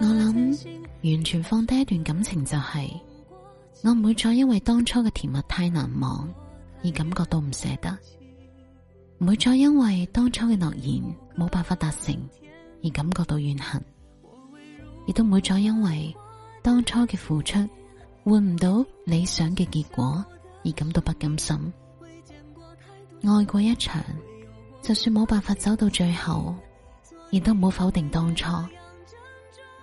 我諗完全放低一段感情就係，我唔會再因為當初嘅甜蜜太難忘而感覺到唔捨得，唔會再因為當初嘅諾言冇辦法達成而感覺到怨恨，亦都唔會再因為當初嘅付出換唔到理想嘅結果而感到不甘心。愛過一場，就算冇辦法走到最後，亦都冇否定當初。